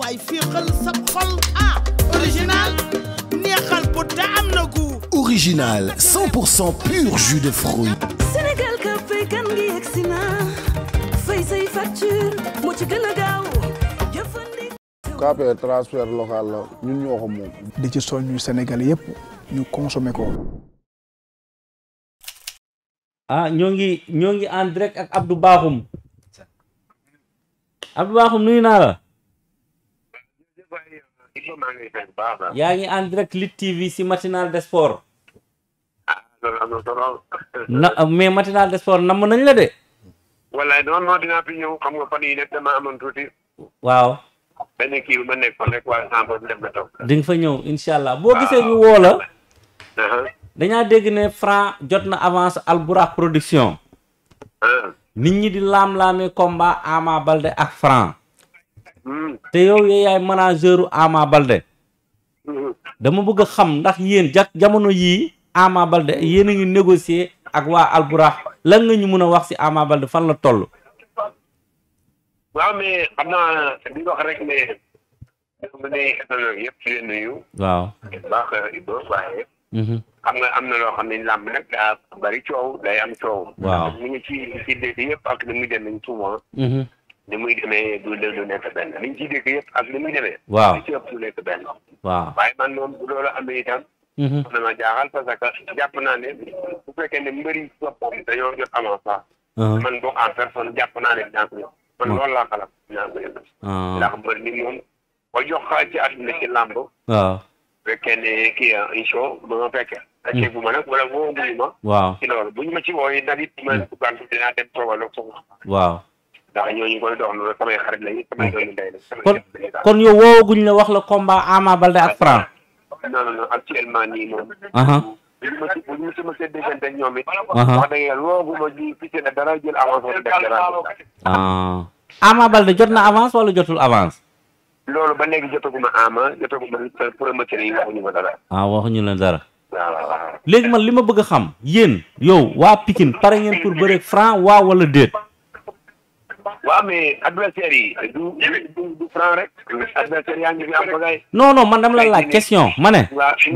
waay fii xal sa xol ah original neexal bu te pur jus de fruits Sénégal ka fay kan ngi yegsi na fay say facture moo ci gën a gaaw KPR local la ñun ñoo moom di ci soññu Sénégal yëpp ñu consommer ko ah ñoo ngi ñoo ak Abdou Bakhoum Abdou Bakhoum nuyu naa yaa ngi en direct Lit TV si matinal de sport. Ah, na mais matinal de sport namm nañ la de. wallaay non waaw. benn di nga fa ñëw incha allah boo gisee ñu woo uh-huh. dañaa dégg ne Franc jot na avance Albourakh production. Uh-huh. nit ñi di laam-laamee combat Ama Balde ak Franc. te yow yaay manageru Ama dama bëgg a xam ndax yéen jak jamono yii Ama Balde yéen a ngi négocier ak waa Alburax la nga ñu mën a wax si Ama fan la toll. waaw mais xam naa euh, mhm. am na loo xam ne làmb mu ngi ci ci yëpp ak ni muy demee souvent. ni muy demee du léeg du nekk benn liñ ciy dégg yëpp ak ni muy demee. waaw li ci ëpp du nekk benn. waaw waaye man moom bu loolu amee itam. Mhm. dama jaaxal parce que jàpp naa ne bu fekkee ne mbëri boppam dañoo jot avance sax. Uh-huh. man boog en personne jàpp naa ne dinaa ko yëg. man loolu laa xalaat dinaa ko yëg. Uh-huh. ndax mbër ni moom boo jox xaaj ci àdduna ci làmb. waaw bu fekkee ne kii ah incha ba ma fekkee. daceeg mm. bu ma nag wala woo ma. waaw ci loolu buñ ma ci wooyee nag it ma gàllankoor mm. dinaa dem toogal ak soxna. waaw. ndax ñooñu koy dox loolu samay xarit lañu samay doomu ndey lañu. kon kon yow woowaguñ la wax la combat Ama Balde ak Franc. non non non actuellement nii na dara jël avance wala def ah. avance wala jotul avance. ba léegi jotaguma Ama jotaguma promoteur yi waxuñu ma dara. ah waxuñu la dara. léegi man li ma bëgg a xam yéen yow waa Pikine pare ngeen pour bëreeg Franc waa wala déet. waaw mais adversaire yi du du du franc non non man dama la laaj question ma ne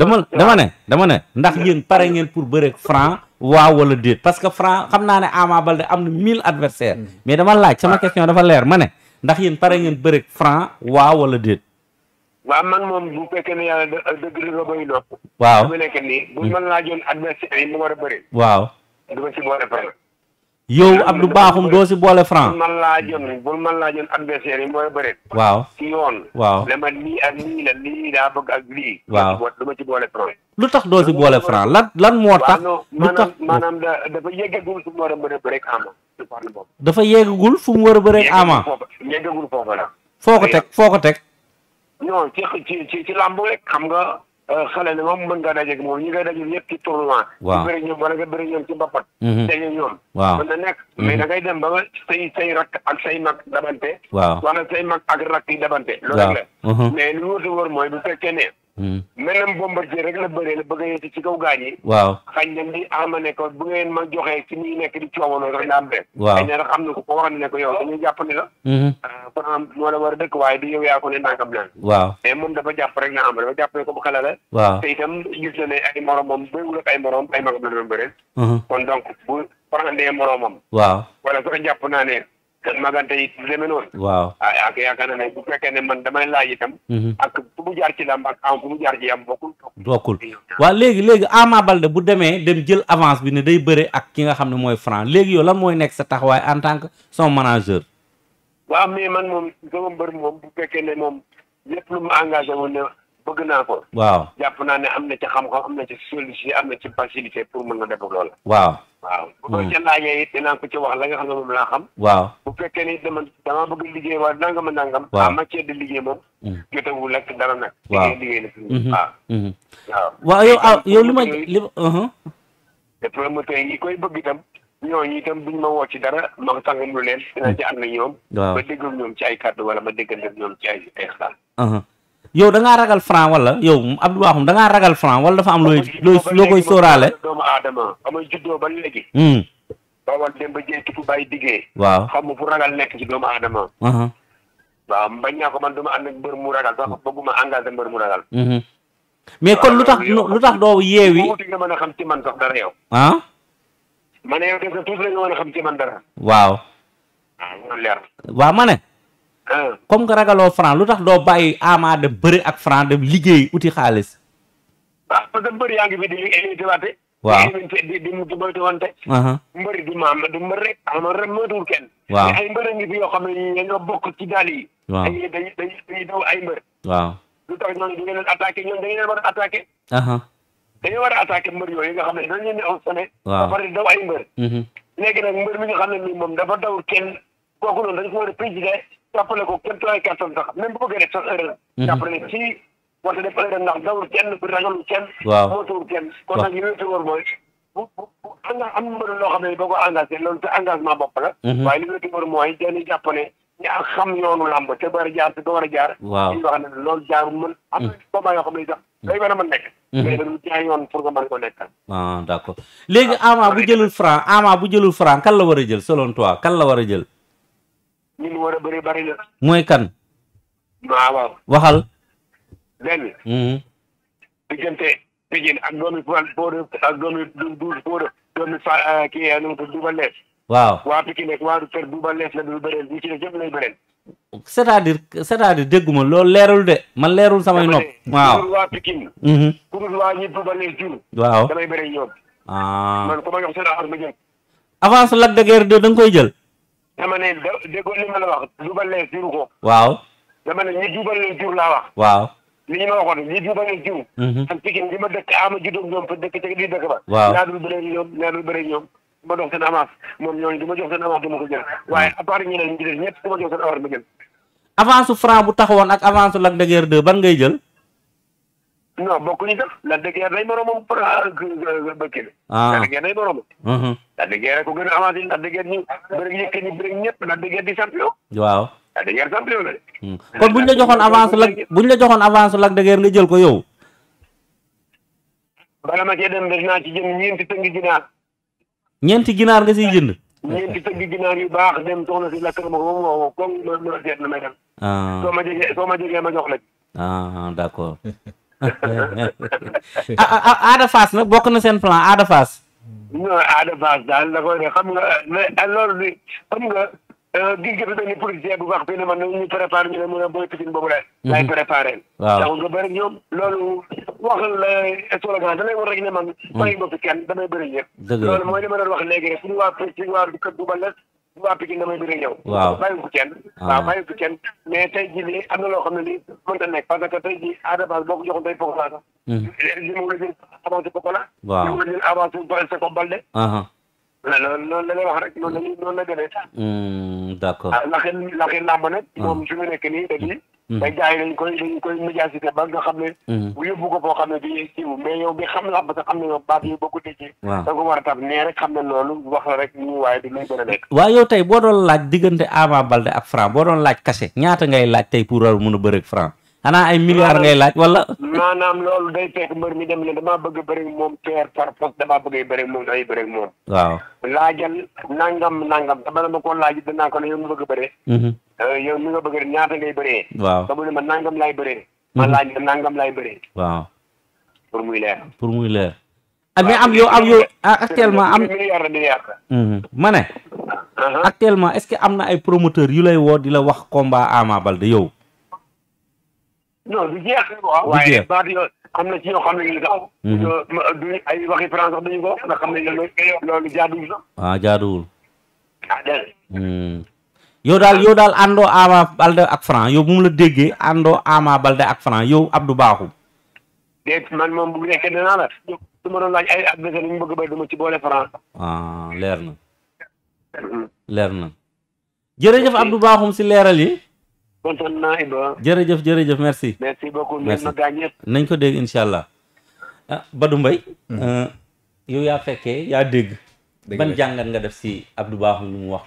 dama dama ne dama ne ndax yéen pare ngeen pour bëre franc waaw wala déet parce que franc xam naa ne Ama Baldé am na mille adversaires mm-hmm. mais dama laaj sama question dafa leer ma ne ndax yéen pare ngeen bëre franc waaw wala déet waaw moom bu fekkee ne yàlla dëgg dëgg yow Abdou Bakhoum doo si boole franc. man laa joon man laa joon adversaire yi mooy bëre. waaw si yoon. waaw dama lii ak lii la lii daa bëgg ak lii. waaw ci boole franc. lu tax doo si boole franc lan lan moo tax. lu tax maanaam dafa yeggagul fu mu war a bëre bëre ak Ama. dafa yeggagul fu mu war a bëre ak Ama. yeggagul foofu la. foo ko teg foo ko teg. non ci ci ci làmb rek nga. Euh, xale ne moom mën ngaa dajeeg moom ñi ngay dajeeg ñëpp ci tournoi. waaw bëri ñoom wala nga bëri ñoom ci mbappat. Mhm. daje ñoom. waaw mën nekk. mais mhm. da ngay dem ba nga say say rakk ak say mag dabante. waaw wala say mag ak rakk dabante. loolu rek la mhm. mais lu wóor mooy bu fekkee ne. Hmm. melem Bombardier rek la bëree la bëgg a yéete ci kaw gaañ yi. waaw xañ na ni ama ne ko ma joxee ci ñuy nekk di coowoonoo rek la am benn. waaw xañ na rek am na ko ko wax ne ko yow dañuy jàpp ne la. Hmm. Ah, kon am moo la war a dëkk waaye du yow yaa ne nangam leen. waaw mais moom dafa jàpp rek na am dafa jàpp ne ko bu xala la. waaw te itam gis na ne ay moromam bëriwul morom ay hmm. waaw wala sax jàpp naa ne. magante yi du demee noonu. waaw ah, ak yaakaar naa bu fekkee ne man damay laaj itam. Mhm. ak fu mu jaar ci làmb ak am fu mu jaar ci am bokkul. bokkul waaw léegi léegi Ama Baldé bu demee dem jël avance bi ne day bëre ak ki nga xam ne mooy Franc léegi yow lan mooy nekk sa taxawaay en tant que son manager. waaw mais man moom sama mbër moom bu fekkee ne moom lépp lu ma engagé woon ne bëgg naa ko. waaw jàpp naa ne am na ci xam-xam am na ci solution am na ci facilité pour mën nga def ak loola. waaw hmm. bu ko ca laajee it dinaa ko ci wax la nga xam ne moom laa xam. waaw bu fekkee ni dama dama bëgg liggéey wala nangam nangam. waaw en matière de liggéey moom. Hmm. jotewul lekk dara nag. waaw liggéey na fi hmm. waaw. waaw yow ah yow li ma li ma. te uh-huh. promoteur yi koy bëgg itam ñooñu itam buñ ma woo ci dara ma tàngam lu leen dina ci ànd ñoom. ma déggal ñoom ci ay kàddu wala ma déggal ñoom ci ay ay yow da ngaa ragal franc wala yow Abdou Bakhoum da ngaa ragal franc wala dafa am looy looy loo koy sóoraale doomu aadama amay juddoo ba léegi hmm. bawal ba jëy tutu bàyyi diggee waaw xam nga nekk ci doomu aadama uh-huh. waaw bañ naa ko man duma ànd ak mbër mu ragal sax hmm. bëgguma engagé mbër mu ragal hmm. mais kon lu tax lu tax doo yeewi tuuti nga mën a xam ci man sax dara yow ah? ma ne yow des na tuuti la nga mën a xam ci man waaw ah, waaw leer Ah. comme nga ragaloo franc lu tax doo bàyyi Ama dem bëri ak franc dem liggéey uti xaalis. waaw ah, parce que mbër yaa ngi fi di éligibilité. waaw di di di moytuwante. Uh-huh. mbëri du maam du mbër rek ama rek moytuwul kenn. waaw ay ne ñoo bokk ci daal yi. waaw dañuy dañuy dañuy daw waaw lu tax ñooñu dañu leen attaqué ñoom dañu leen war a attaqué. Uh-huh. dañoo war a nga xam ne dañu leen di aw sonné. mbër. Mm-hmm. léegi nag mbër mi nga xam ne nii moom dafa daw kenn kooku noonu dañu ko war a présider. jàppale ko kenn tooy kattan sax même bu bëggee def sax erreur. jàppale ne fii war na def erreur ndax dawul kenn ragalul kenn. waaw mootawul kenn. kon nag li wéy si wóor mooy. bu a bu engagé am na loo xam ne boo ko engagé loolu te engagement bopp la. waaye li wéy si wóor mooy dañuy jàpp ne ñaa xam yoonu làmb te war a jaar te a jaar. waaw li ñu wax ne loolu jaarul mën. yoo xam ne sax day a bu jëlul franc Ama bu jëlul franc kan la war a jël la war a ñi war a bëri bëri na. mooy kan. waaw waxal. benn. Mm-hmm. diggante ak doomi Fall Fodé ak doomi Douze Fodé doomi Fall euh, kii yaa euh, ngi tudd Double Less. waaw waa Pikine ak waa Kër Double Less la du bëreel ñi ci def yëpp lay bëreel. cest à loolu leerul de man leerul samay nopp. waaw ku dul waa Pikine. Mm-hmm. ku dul waa ñi Double ah. avance ma jël. de Guiers koy jël. dama ne déggoo li ma la wax duubalee jur ko. waaw. dama ne ñi duubalee jur laa wax. waaw. li ñu ma waxoon ñi duubalee jur. Mhm. ak pikin li ma dëkk ah, a juddoo ñoom fa dëkk ca di dëkk ba. waaw laa dul bëree ñoom laa dul bëree ñoom. du ma dox seen avance moom ñooñu du ma jox seen avance du ma ko jël waaye à part ñeneen ñi ci des ñëpp du ma jox seen avance ma jël. avance franc bu taxawoon ak avance su Lac de Guiers ban ngay jël. non bokkuñu sax Lac de Guiers day moroomam euh, bëkkile. Ah. Lac de Guiers day moroomam. Mm-hmm. Lac de Guiers rek ko gën a avancé Lac de Guiers ñu bëri yëkk ni bëri ñëpp Lac de Guiers di champion. la de. Mm. kon la joxoon avance Lac buñ la joxoon avance Lac de Guiers nga jël ko yow. bala ma cee dem de naa ci jënd ñeenti tëngi ginaar. ñeenti ginaar nga siy jënd. ñeenti tëgg ginaar yu baax dem soxna si lakkar ma ko moom woo comme ma seet na may dem. Ah. soo ma jegee soo ma jox la. ah d'accord. Ada Fass nag bokk na sen plan Ada Fass. non daal da koy ne xam nga alors bi xam nga gis nga fi benn policier bu wax fii ne man ñu préparé ñu ne mu ne booy Pikine boobu la. Mhm. lay préparé. waaw ndax nga bëri ñoom loolu wax la slogan da lay war rek ne man. Mhm. may bopp kenn damay bëri ñëpp. dëgg loolu mooy li ma doon wax léegi rek waa fii waa kër bu ba waa Pikine damay bëri ñëw. waaw bàyyi ko kenn. Ah. waaw bàyyi ko kenn mais tey jii nii am na loo xam ne lii a nekk parce que tey jii Ada Fass boo ko joxoon tey hmm. li mu la jël avancé Pokola. waaw li mu la jël avancé Balde ko uh-huh. Balde. loolu loolu la lay wax rek noonu la ñuy noonu la gën a. Hmm, d'accord ah ndax ndax làmb nag. Hmm. moom su ma nekk nii Mm-hmm. mais gars yi dañ koy dañ koy médiacité ba nga xam ne mm-hmm. bu yóbbu ko foo xam ne di siiw mais yow bi xam làmb sa xam ne yow baat yi boo ko déggee da nga war a tab nee rek xam ne loolu wax la rek ñu waaye di luy gën nekk waaw yow tey boo doon laaj diggante Ama Baldé ak Franc boo doon laaj kase ñaata ngay laaj tey pour war mun a bëre ak Franc xanaa ay milliards ngay laaj wala maanaam loolu day fekk mbër mi dem ne damaa bëgg bëri moom teer par force damaa bëgg bëri moom damay bëri moom waaw laajal nangam nangam dama la ma ko laaj danaa ko ne yow mu bëgg Eh, yow li nga bëgg ñaata ngay bëree. waaw ba mu ne ma nangam laay bëree. ma laaj la nangam laay bëree. waaw. pour muy leer. pour muy leer. ah mais am yow am yow ah, ah, actuellement am. Mhm. ma ne. Uh-huh. actuellement est-ce que am na ay promoteurs yu lay woo di la wax combat Ama Baldé yow. non du jeex. du jeex waaye am na ci yoo xam ne ñu mhm. daw. du ay waxi français dañu ko nga xam ne loolu jaaduwul sax. ah jaaduwul. ah dégg yow daal yow daal àndoo Ama Balde ak Franc yow bu mu la déggee àndoo Ama Balde ak Franc yow Abdou Bakhoum. déet man moom bu nekkee nee naa doon laaj ay adversaire ñu du ma ci boole Franc. ah leer na. Mm-hmm. leer na. jërëjëf Abdou Bakhoum si leeral yi. kontaan naa Iba. jërëjëf jërëjëf merci. merci beaucoup merci nañ ko dégg incha allah. ah Badou Mbaye. Mm-hmm. Euh, yow yaa fekkee yaa dégg. ban jàngat nga def si Abdou Bakhoum lu mu wax.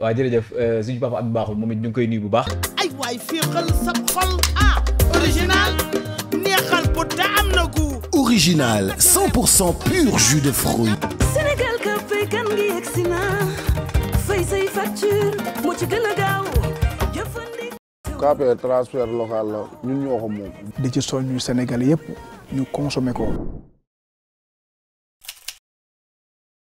waaw jërëjëf euh, suñu papa Abdou Bakhoum moom it ñu ngi koy nuyu bu baax. ay waay féexal sab xol ah original neexal bu te am original pur jus de fruits. Sénégal ka fay kan ngi yegg si na fay say facture moo ci gën a gaaw. KPR transfert local la ñun ñoo moom. di ci soññu Sénégal yëpp ñu consommer ko.